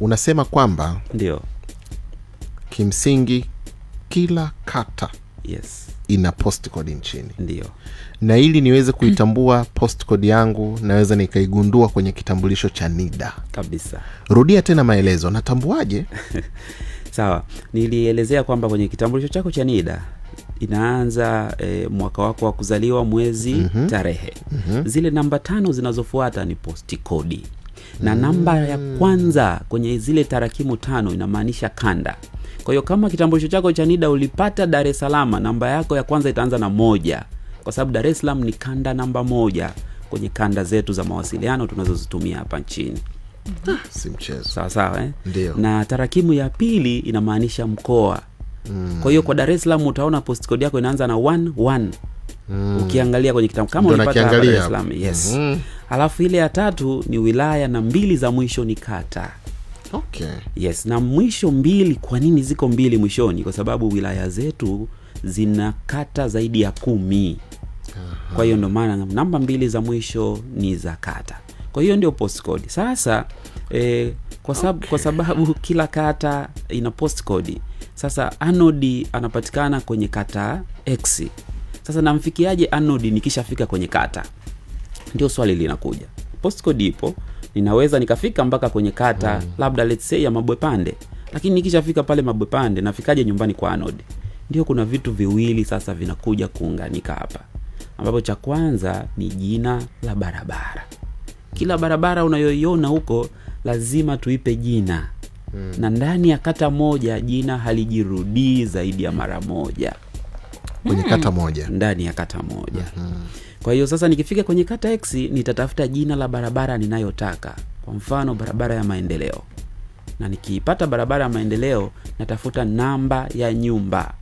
unasema kwamba ndio kimsingi kila kata yes. ina postcode nchini ndio na ili niweze kuitambua postcode yangu naweza nikaigundua kwenye kitambulisho cha NIDA kabisa. Rudia tena maelezo, natambuaje? Sawa, nilielezea kwamba kwenye kitambulisho chako cha NIDA inaanza e, mwaka wako wa kuzaliwa, mwezi, mm -hmm. tarehe mm -hmm. zile namba tano zinazofuata ni postikodi na namba ya kwanza kwenye zile tarakimu tano inamaanisha kanda. Kwa hiyo kama kitambulisho chako cha NIDA ulipata Dar es Salaam, namba yako ya kwanza itaanza na moja, kwa sababu Dar es Salaam ni kanda namba moja kwenye kanda zetu za mawasiliano tunazozitumia hapa nchini. Ah, si eh? Na tarakimu ya pili inamaanisha mkoa. Mm. Kwa hiyo kwa Dar es Salaam utaona postkodi yako inaanza na mm. ukiangalia kwenye kitabu kama ulipata hapa yes mm. hmm alafu ile ya tatu ni wilaya na mbili za mwisho ni kata okay. yes na mwisho mbili kwa nini ziko mbili mwishoni kwa sababu wilaya zetu zina kata zaidi ya kumi Aha. kwa hiyo ndio maana namba mbili za mwisho ni za kata kwa hiyo ndio postcode sasa eh, kwa, sab okay. kwa sababu kila kata ina postcode sasa anodi anapatikana kwenye kata x sasa namfikiaje anodi nikishafika kwenye kata? Ndio swali linakuja. Postcode ipo, ninaweza nikafika mpaka kwenye kata mm. labda let's say ya Mabwepande, lakini nikishafika pale Mabwepande nafikaje nyumbani kwa anodi? Ndio kuna vitu viwili sasa vinakuja kuunganika hapa, ambapo cha kwanza ni jina la barabara. Kila barabara unayoiona huko lazima tuipe jina mm. na ndani ya kata moja jina halijirudii zaidi ya mara moja kwenye hmm. kata moja ndani ya kata moja mm -hmm. Kwa hiyo sasa nikifika kwenye kata X nitatafuta jina la barabara ninayotaka, kwa mfano barabara ya maendeleo, na nikiipata barabara ya maendeleo natafuta namba ya nyumba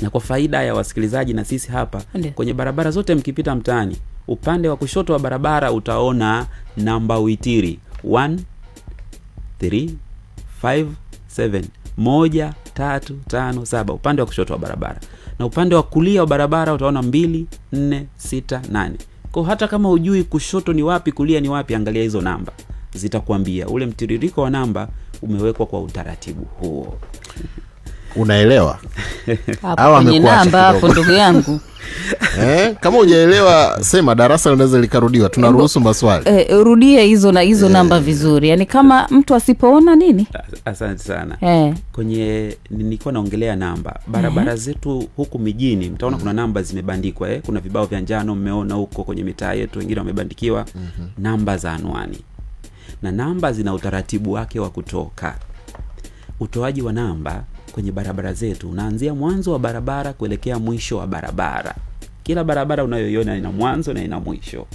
na kwa faida ya wasikilizaji na sisi hapa Ande. Kwenye barabara zote mkipita mtaani, upande wa kushoto wa barabara utaona namba uitiri 1 3 5 7 moja tatu, tano, saba upande wa kushoto wa barabara, na upande wa kulia wa barabara utaona mbili, nne, sita, nane. ko hata kama hujui kushoto ni wapi, kulia ni wapi, angalia hizo namba, zitakwambia ule mtiririko wa namba umewekwa kwa utaratibu huo. Unaelewa au amekuwa ndugu yangu eh, kama hujaelewa sema, darasa linaweza likarudiwa, tunaruhusu maswali eh, rudie hizo na hizo eh, namba vizuri, yaani kama mtu asipoona nini. Asante sana eh. Kwenye nilikuwa naongelea namba barabara eh, zetu huku mijini mtaona mm kuna namba zimebandikwa eh, kuna vibao vya njano mmeona huko kwenye mitaa yetu, wengine wamebandikiwa mm -hmm. namba za anwani na namba zina utaratibu wake wa kutoka. Utoaji wa namba kwenye barabara zetu. Unaanzia mwanzo wa barabara kuelekea mwisho wa barabara. Kila barabara unayoiona ina mwanzo na ina mwisho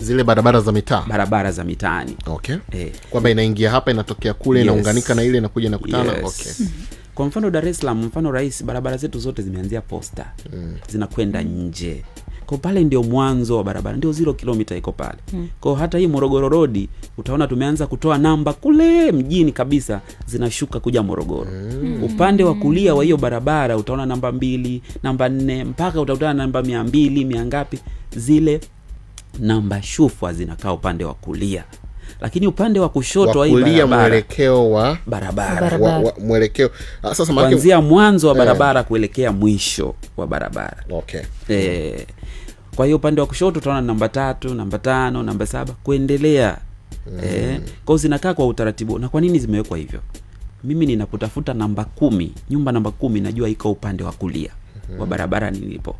zile barabara za mitaa, barabara za mitaani. Okay, eh, kwamba inaingia hapa inatokea kule, yes. inaunganika na ile inakuja inakutana. Yes. Okay. Kwa mfano Dar es Salaam, mfano rais, barabara zetu zote zimeanzia Posta mm. zinakwenda nje kwa pale ndio mwanzo wa barabara, ndio zero kilomita iko pale mm. kwa hata hii Morogoro rodi utaona tumeanza kutoa namba kule mjini kabisa, zinashuka kuja Morogoro mm. upande wa kulia wa hiyo barabara utaona namba mbili, namba nne, mpaka utakutana namba mia mbili mia ngapi, zile namba shufwa zinakaa upande wa kulia lakini upande wa kushoto wa mwelekeo wa barabara, barabara. Ah, kuanzia mwanzo wa eh. barabara eh, kuelekea mwisho wa barabara okay. e. kwa hiyo upande wa kushoto utaona namba tatu, namba tano, namba saba kuendelea mm. e. Eh, kwao zinakaa kwa utaratibu. Na kwa nini zimewekwa hivyo? Mimi ninapotafuta namba kumi, nyumba namba kumi, najua iko upande wa kulia mm. wa mm-hmm. barabara nilipo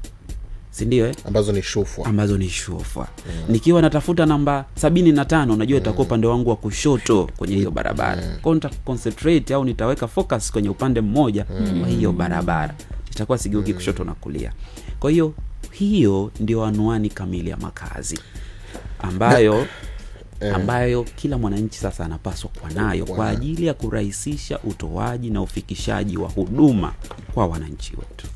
sindio eh? ambazo ni shufwa, ambazo ni shufwa. Mm. Nikiwa natafuta namba 75 na najua itakuwa mm. upande wangu wa kushoto kwenye hiyo mm. barabara mm. kwao nita concentrate au nitaweka focus kwenye upande mmoja mm. wa hiyo barabara itakuwa sigeuki mm. kushoto na kulia. Kwa hiyo hiyo ndio anwani kamili ya makazi ambayo eh. ambayo kila mwananchi sasa anapaswa kuwa nayo kwa ajili ya kurahisisha utoaji na ufikishaji wa huduma kwa wananchi wetu.